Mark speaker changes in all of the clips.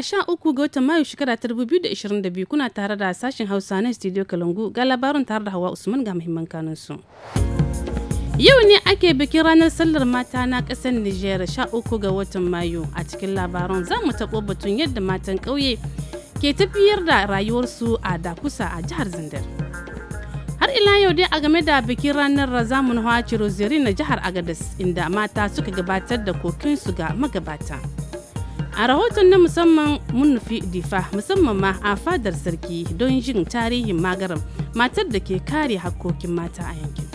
Speaker 1: sha 13 ga watan Mayu shekara ta 2022 kuna tare da sashen Hausa na Studio Kalangu ga labarin tare da Hawa Usman ga muhimman kanun Yau ne ake bikin ranar sallar mata na kasar ƙasar sha uku ga watan Mayu a cikin labaran za mu taɓo batun yadda matan ƙauye ke tafiyar da rayuwarsu a Dakusa a jihar Zindar. Har ila yau dai a game da bikin ranar Razamun Hawa ciro na jihar Agadas inda mata suka gabatar da kokinsu ga magabata. a rahoton na musamman mun nufi difa musamman ma a fadar sarki don jin tarihin magaram matar da ke kare hakkokin mata a yankin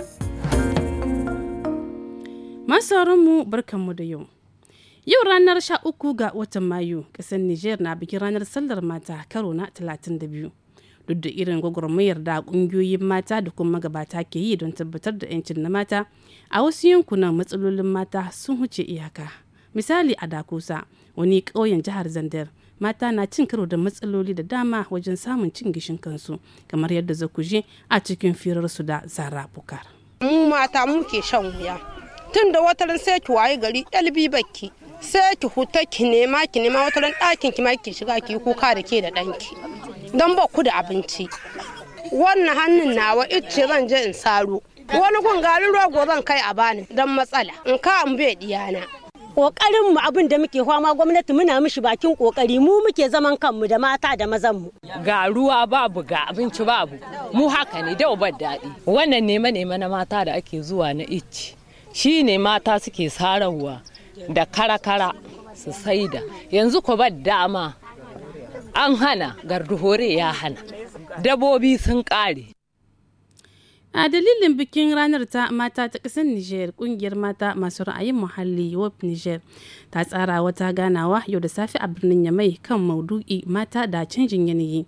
Speaker 1: mu barkanmu da yau yau ranar 13 ga watan mayu ƙasar niger na bikin ranar sallar mata karo na 32 duk da irin gwagwarmayar da ƙungiyoyin mata da kuma magabata ke yi don tabbatar da 'yancin na mata a wasu yankunan matsalolin mata sun huce iyaka misali a dakusa wani ƙauyen jihar zandar mata na cin karo da matsaloli da dama wajen samun cin gishin kansu kamar yadda zakuje a cikin firarsu da zara bukar mu mata muke shan wuya tun da wataran sai ki waye gari ɗalbi baki sai ki huta ki nema ki nema wataran ɗakin ki ma ki shiga ki kuka da ke da ɗanki don ba ku da abinci wannan hannun nawa ice zan je in saro wani gun garin rogo zan kai a bani don matsala in ka in bai
Speaker 2: diyana kokarin mu abin da muke fama gwamnati muna mishi bakin kokari mu muke zaman kanmu
Speaker 3: da mata da mazan mu ga ruwa babu ga abinci babu mu haka ne dau bar daɗi wannan nema nema na mata da ake zuwa na icce shi ne mata suke sarawa da kara-kara su saida yanzu ku bar dama an hana garduhore ya hana dabobi sun ƙare
Speaker 1: a dalilin bikin ranar ta mata ta ƙasar niger ƙungiyar mata masu ra'ayin muhalli wop niger ta tsara wata ganawa yau da safe a birnin yamai kan maudu'i mata da canjin yanayi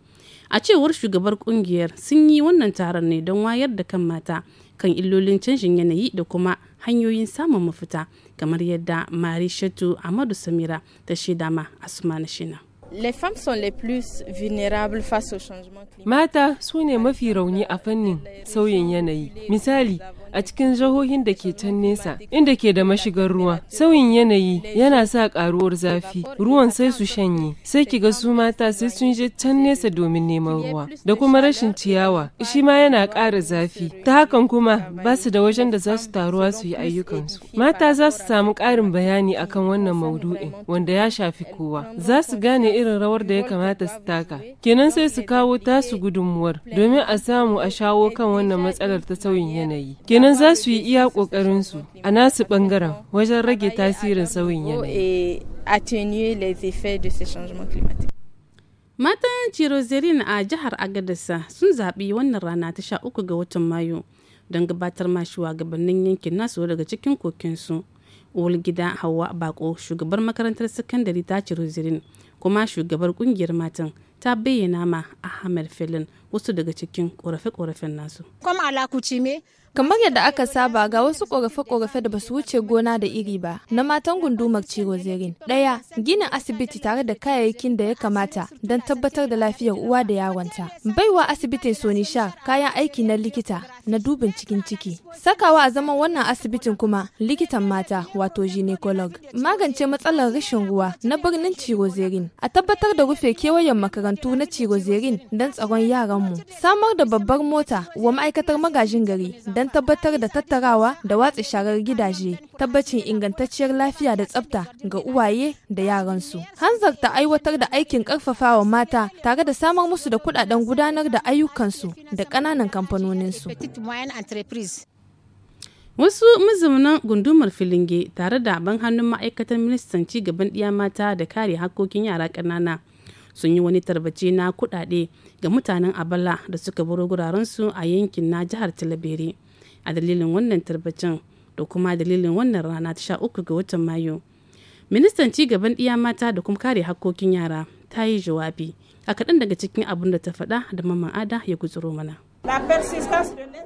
Speaker 1: a cewar shugabar ƙungiyar sun yi wannan taron ne don wayar da kan mata kan illolin canjin yanayi da kuma hanyoyin samun mafita kamar yadda marishatu ahmadu amadu samira ta shaida ma asuma shina Les femmes sont les plus vulnérables face au changement climatique.
Speaker 3: Mata su mafi rauni a fannin sauyin yanayi. Misali, a cikin jihohin da ke can nesa inda ke da mashigar ruwa sauyin yanayi yana sa karuwar zafi ruwan sai su shanye sai ki ga su mata sai sun je can nesa domin neman ruwa da kuma rashin ciyawa shi ma yana ƙara zafi ta hakan kuma ba su da wajen da za su taruwa su yi ayyukansu mata za su samu ƙarin bayani akan wannan maudu'in wanda ya shafi kowa za su gane irin rawar da ya kamata su taka kenan sai su kawo tasu gudunmuwar domin a samu a shawo kan wannan matsalar ta sauyin yanayi kenan za su yi iya ƙoƙarinsu a nasu ɓangaren wajen rage tasirin sauyin yanayi.
Speaker 1: Matan Cirozerin a jihar Agadasa sun zaɓi wannan rana ta sha uku ga watan Mayu don gabatar ma shuwagabannin yankin nasu daga cikin kokinsu. uwal gida hawa Bako shugabar makarantar sakandare ta Cirozerin kuma shugabar kungiyar matan ta bayyana ma Ahmed Felin wasu daga cikin ƙorafe-ƙorafen nasu.
Speaker 2: Kuma
Speaker 4: alakuci me Kamar yadda aka saba ga wasu ƙorafe korafe da basu wuce gona da iri ba na matan gundumar zirin. Ɗaya, ginin asibiti tare da kayayyakin da ya kamata don tabbatar da lafiyar uwa da yaronta. Baiwa asibitin Sonisha kayan aiki na likita na dubin cikin ciki. Sakawa a zaman wannan asibitin kuma likitan mata wato ginecolog Magance matsalar rashin ruwa na birnin cirozerin. A tabbatar da rufe kewayen makarantu na cirozerin don tsaron yaranmu. Samar da babbar mota wa ma'aikatar magajin gari don tabbatar da tattarawa da watsa sharar gidaje. Tabbacin ingantacciyar lafiya da tsafta ga uwaye da yaransu. Hanzarta aiwatar da aikin karfafawa mata tare da samar musu da kudaden gudanar da ayyukansu da ƙananan kamfanoninsu.
Speaker 2: Moyen Entreprise.
Speaker 1: Wasu mazaunan gundumar Filinge tare da ban hannun ma'aikatan ministan gaban ɗiya mata da kare hakokin yara ƙanana sun yi wani tarbace na kuɗaɗe ga mutanen Abala da suka baro gurarensu a yankin na jihar Talabere. A dalilin wannan tarbacen da kuma dalilin wannan rana ta uku ga watan Mayu. Ministan gaban ɗiya mata da kuma kare hakokin yara ta yi jawabi a kaɗan daga cikin abin da ta faɗa da mamman ada ya gutsuro mana.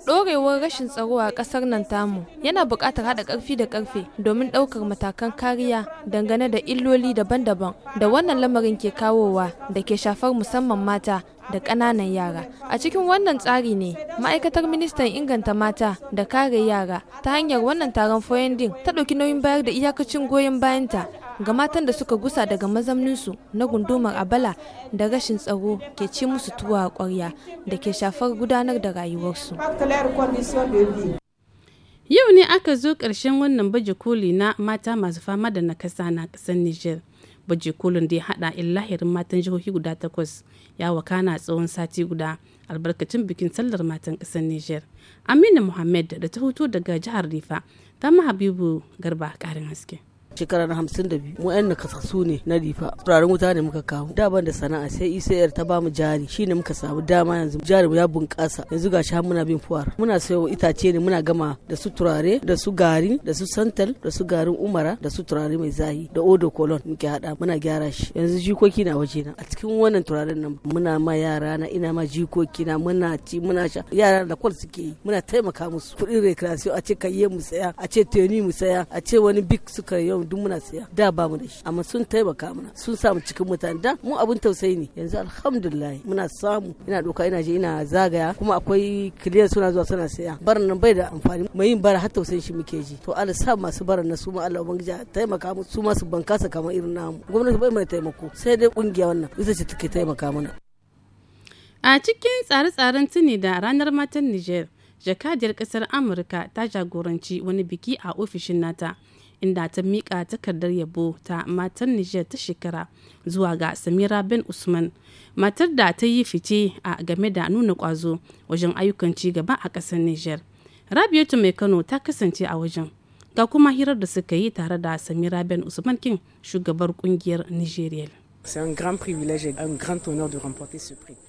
Speaker 4: Ɗorewar rashin tsaro a ƙasar nan tamu yana buƙatar haɗa ƙarfi da ƙarfe domin ɗaukar matakan kariya dangane da illoli daban-daban da wannan lamarin ke kawowa da ke shafar musamman mata da ƙananan yara. A cikin wannan tsari ne ma'aikatar ministan inganta mata da kare yara ta hanyar wannan taron foyandin ta ɗauki nauyin bayar da iyakacin goyon bayanta ga matan da suka gusa daga mazamninsu na gundumar abala da rashin tsaro ke ci musu tuwa kwarya da ke shafar gudanar da rayuwarsu.
Speaker 1: Yau ne aka zo ƙarshen wannan baje koli na mata masu fama da nakasa na ƙasar Nijar. baje kolin da ya hada lahirin matan jihohi guda takwas ya wakana tsawon sati guda albarkacin bikin sallar matan kasar niger aminu muhammad da ta hoto daga jihar rifa ta habibu garba karin haske shekara hamsin da biyu mu yan nakasassu ne na rifa turaren wuta ne muka kawo da ban da sana'a sai isa'ir e ta bamu jari shine muka samu dama yanzu jari ya bunƙasa yanzu ga shi muna bin fuwar muna sayo itace ne muna gama da su turare da su gari da su santal da su garin umara da su turare mai zahi da odo kolon muke hada muna gyara shi yanzu jikoki na waje na a cikin wannan turaren nan muna ma yara na ina ma jikoki na muna ci muna sha yara da kwal suke yi muna taimaka musu kuɗin recreation a ce kayye mu saya a ce teni mu saya a ce wani big suka yau mu duk muna siya da ba mu da shi amma sun taimaka mana sun samu cikin mutane da mu abin tausayi ne yanzu alhamdulillah muna samu ina doka ina je ina zagaya kuma akwai kiliyan suna zuwa suna siya barin nan bai da amfani mai yin bara har tausayin shi muke ji to Allah sa masu barin na su ma Allah ubangiji taimaka mu su ma su bankasa kamar irin namu gwamnati bai mai taimako sai dai kungiya wannan ita ce take taimaka mana a cikin tsare-tsaren tuni da ranar matan Niger jakadiyar kasar amurka ta jagoranci wani biki a ofishin nata inda ta miƙa takardar yabo ta matar Nijar ta shekara zuwa ga Samira bin Usman. Matar da ta yi fice a game da nuna ƙwazo wajen ayyukan ci gaba a ƙasar Nijar. Rabiatu mai Kano ta kasance a wajen. Ga kuma hirar da suka yi tare da Samira bin Usman kin shugabar ƙungiyar Nijeriyar.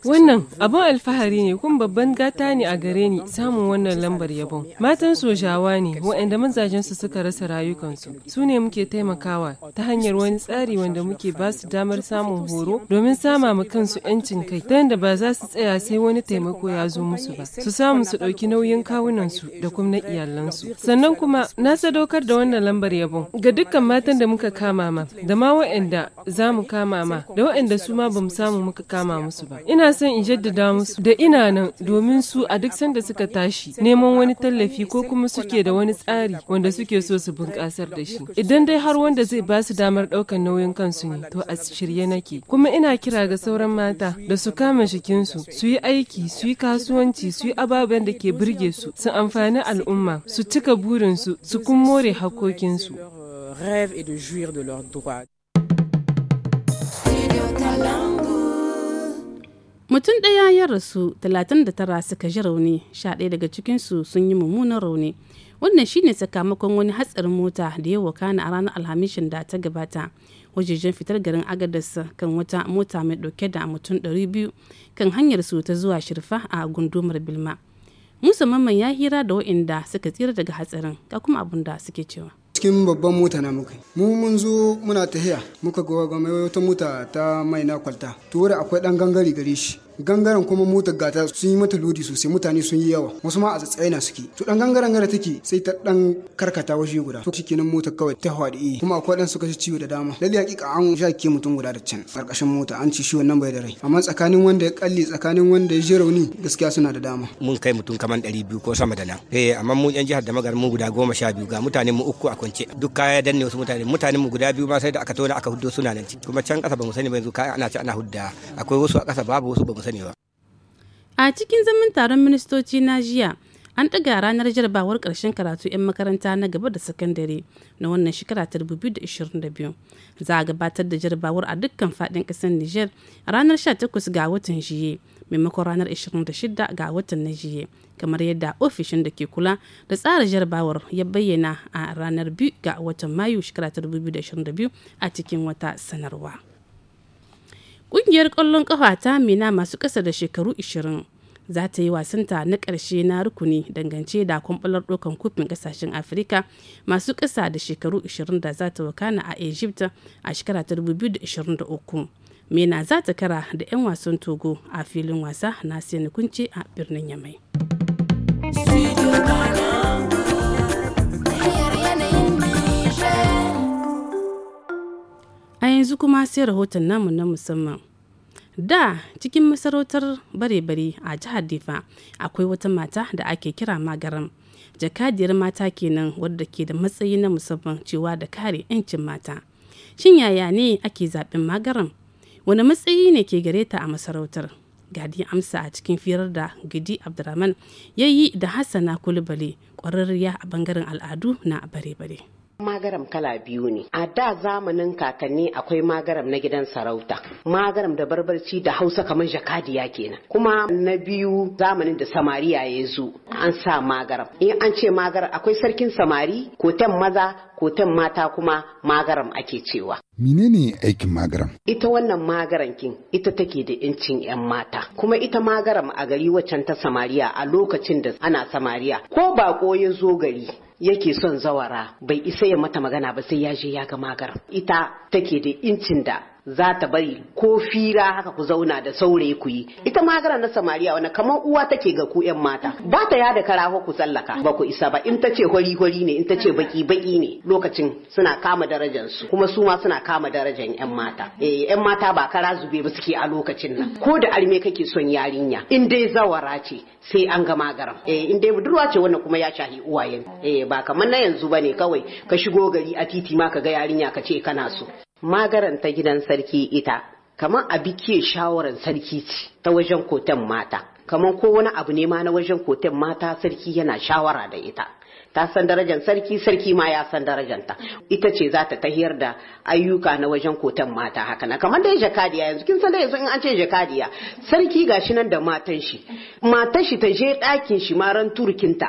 Speaker 3: Wannan abun alfahari ne kuma babban gata ne a gare ni samun wannan lambar yabon. Matan sojawa ne waɗanda mazajensu suka rasa rayukansu. Su ne muke taimakawa ta hanyar wani tsari wanda muke ba su damar samun horo domin sama ma kansu 'yancin kai ta yadda ba za su tsaya sai wani taimako ya zo musu ba. Su samu su ɗauki nauyin kawunansu da kuma na iyalansu. Sannan kuma na sadaukar da wannan lambar yabon ga dukkan matan da muka kama ma da ma waɗanda za mu kama dama da waɗanda su ma bamu samu muka kama musu ba ina son in jaddada musu da ina nan domin su a duk sanda suka tashi neman wani tallafi ko kuma suke da wani tsari wanda suke so su bunƙasar da shi idan dai har wanda zai ba su damar ɗaukan nauyin kansu ne to a shirye nake kuma ina kira ga sauran mata da su kama shikinsu su yi aiki su yi kasuwanci su yi ababen da ke burge su su amfani al'umma su cika burinsu su kuma more hakokinsu
Speaker 2: rêve et de jouir de leurs droits.
Speaker 1: mutum ɗaya ya rasu talatin da tara suka ji rauni 11 daga cikinsu sun yi mummunan rauni wannan shine sakamakon wani hatsarin mota da ya wakana a ranar alhamishin da ta gabata wajejen fitar garin agadarsa kan wata mota mai ɗauke da mutum biyu kan hanyar su ta zuwa shirfa a gundumar bilma musa mamman ya hira da wa'inda suka tsira daga hatsarin ga kuma abin da suke cewa
Speaker 3: cikin babban mota na muka
Speaker 1: mu mun zo muna tahiya muka ga wata mota ta mai na kwalta to akwai ɗan gangare gare shi gangaren kuma motar gata sun yi mata lodi sosai mutane sun yi yawa wasu ma a tsatsaina suke to dan gangaren gara take sai ta dan karkata waje guda to shikenan motar kawai ta hwadi eh. kuma akwai dan suka ci ciwo da dama lalle hakika an shake mutum guda da can karkashin mota an ci shi wannan bai da rai amma tsakanin wanda ya kalle tsakanin wanda ya ji rauni gaskiya suna da dama mun kai mutum kaman 200 ko sama da nan eh amma mu yan jihar da magar mu guda 12 ga mutane mu uku a kwance duk kaya danne wasu mutane mutane mu guda biyu ma sai da aka tona aka huddo suna nan kuma can kasa ba mu sani ba yanzu kaya ana ci ana hudda akwai wasu a kasa babu wasu ba mu sani ba a cikin zaman taron ministoci na jiya an ɗaga ranar jarabawar ƙarshen karatu 'yan makaranta na gaba da sakandare na wannan shekara ta 2022 za a gabatar da jarabawar a dukkan faɗin ƙasar niger ranar 18 ga watan jiye maimakon ranar 26 ga watan na jiye kamar yadda ofishin da ke kula da tsara jarabawar ya bayyana a ranar 2 ga watan mayu shekara ta 2022 a cikin wata sanarwa. Ƙungiyar ƙwallon ƙafa ta Mina masu ƙasa da shekaru 20 za ta yi wasanta na ƙarshe na rukuni dangance da kwamfalar ɗaukan kofin ƙasashen Afirka masu ƙasa da shekaru 20 da za ta wakana a Egypt a shekara ta 2023. Mena za ta kara da 'yan wasan Togo a filin wasa na kunce a birnin Yamai. a yanzu kuma sai rahoton namu na musamman da cikin masarautar bare-bare a jihar difa akwai wata mata da ake kira magaram jakadiyar mata kenan wadda ke da matsayi na musamman cewa da kare 'yancin mata shin yaya ne ake zaɓen magaram wani matsayi ne ke gare ta a masarautar gadi amsa a cikin firar da gidi abdulrahman ya yi da hassana kulubale ƙwararriya a bangaren al'adu na bare-bare
Speaker 2: magaram kala biyu ne a da zamanin kakanni akwai magaram na gidan sarauta magaram da barbarci da hausa kamar jakadiya kenan kuma na biyu zamanin da samariya ya zo an sa magaram in an ce magaram. akwai sarkin samari ko ten maza hoton mata kuma magaram ake cewa.
Speaker 3: Menene aikin magaram?
Speaker 2: Ita wannan magaran kin ita take da incin 'yan mata. Kuma ita magaram a gari waccan ta Samariya a lokacin da ana Samariya ko bako ya zo gari yake son zawara bai isa ya mata magana ba sai ya je ya ga magaram. Ita take da incin da za ta bari ko fira haka ku zauna da saurayi ku yi ita ma gara na samariya wani kamar uwa take ga ku yan mata ba ta yada kara ku tsallaka. ba ku isa ba in ta ce hori hori ne in ta ce baki baki ne lokacin suna kama darajar su kuma su ma suna kama darajar yan mata eh yan mata ba kara zube ba suke a lokacin nan ko da arme kake son yarinya in dai zawara ce sai an ga magaran. eh in dai budurwa ce wannan kuma ya shahi uwayen eh ba kamar na yanzu bane kawai ka shigo gari a titi ma ka ga yarinya ka ce kana so magaranta gidan sarki ita kamar a bikiye shawaran sarki ce ta wajen kotan mata kamar ko wani abu ne ma na wajen kotan mata sarki yana shawara da ita ta san darajar sarki sarki ma ya san darajanta ita ce za ta tahiyar da ayyuka na wajen kotan mata haka na kamar dai jakadiya yanzu kin san da yanzu in an ce jakadiya sarki gashi nan da matan shi matan shi ta je ɗakin shi ma ran turkinta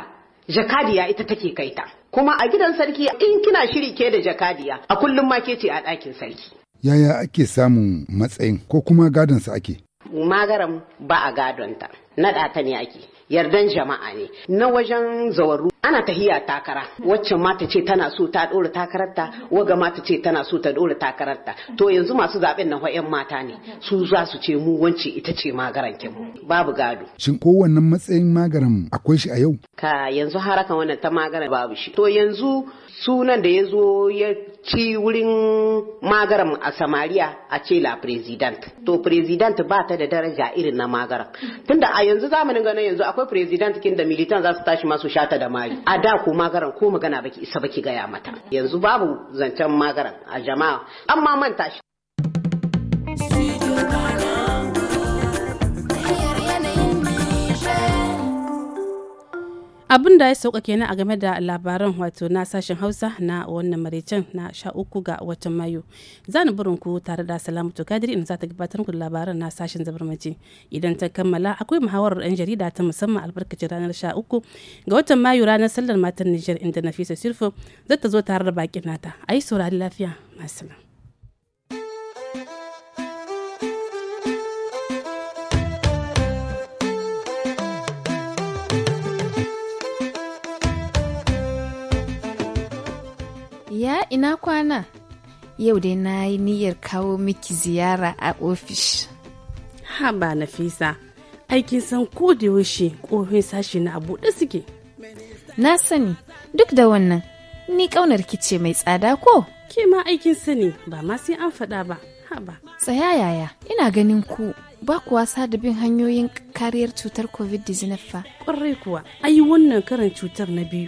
Speaker 2: jakadiya ita take kaita kuma a gidan sarki in kina shiri ke da jakadiya a kullum ma ke ce a ɗakin sarki.
Speaker 3: Yaya ake samun matsayin ko kuma gadonsa ake?
Speaker 2: Magaram ba a gadonta, naɗa ta ne ake, yardan jama'a ne, na wajen zawarru. ana tahiya takara waccan ma ta ce tana so ta dora takararta waga ma ce tana so ta dora takararta to yanzu masu zaben nan wa'yan mata ne su za su ce mu wance ita ce magaran mu babu gado
Speaker 3: shin wannan matsayin magaran akwai shi a yau
Speaker 2: ka yanzu haraka wannan ta magaran babu shi to yanzu sunan da ya zo ya ci wurin magaram a samariya a ce la president to president ba ta da daraja irin na magaran. tunda a yanzu zamanin ganin yanzu akwai president kin da militan za su tashi masu shata da mari a da ko magaran ko magana baki isa baki gaya mata yanzu babu zancen magaran a jama'a amma manta shi
Speaker 1: abin da ya sauka kenan a game da labaran wato na sashen hausa na wannan maraicen na sha uku ga watan mayu za ni burin ku tare da salamatu kadiri in za ta gabatar ku labaran na sashen zabarmaci idan ta kammala akwai muhawarar yan jarida ta musamman albarkacin ranar sha uku ga watan mayu ranar sallar matan nijar inda nafisa sirfo zata zo tare da bakin nata Ayi saurari lafiya masu
Speaker 4: ina kwana yau dai na yi niyyar kawo miki ziyara a ofis
Speaker 1: ha ba nafisa aikin san ko da yaushe ƙofin sashi na abuɗe suke
Speaker 4: na sani duk da wannan ni ƙaunar kice mai tsada ko
Speaker 1: ke ma aikin sani ba ma sai an faɗa ba ba
Speaker 4: tsaya yaya ina ganin ku ba ku wasa da bin hanyoyin kariyar cutar covid-19 fa ƙwarai kuwa ayi wannan
Speaker 1: karin cutar na biyu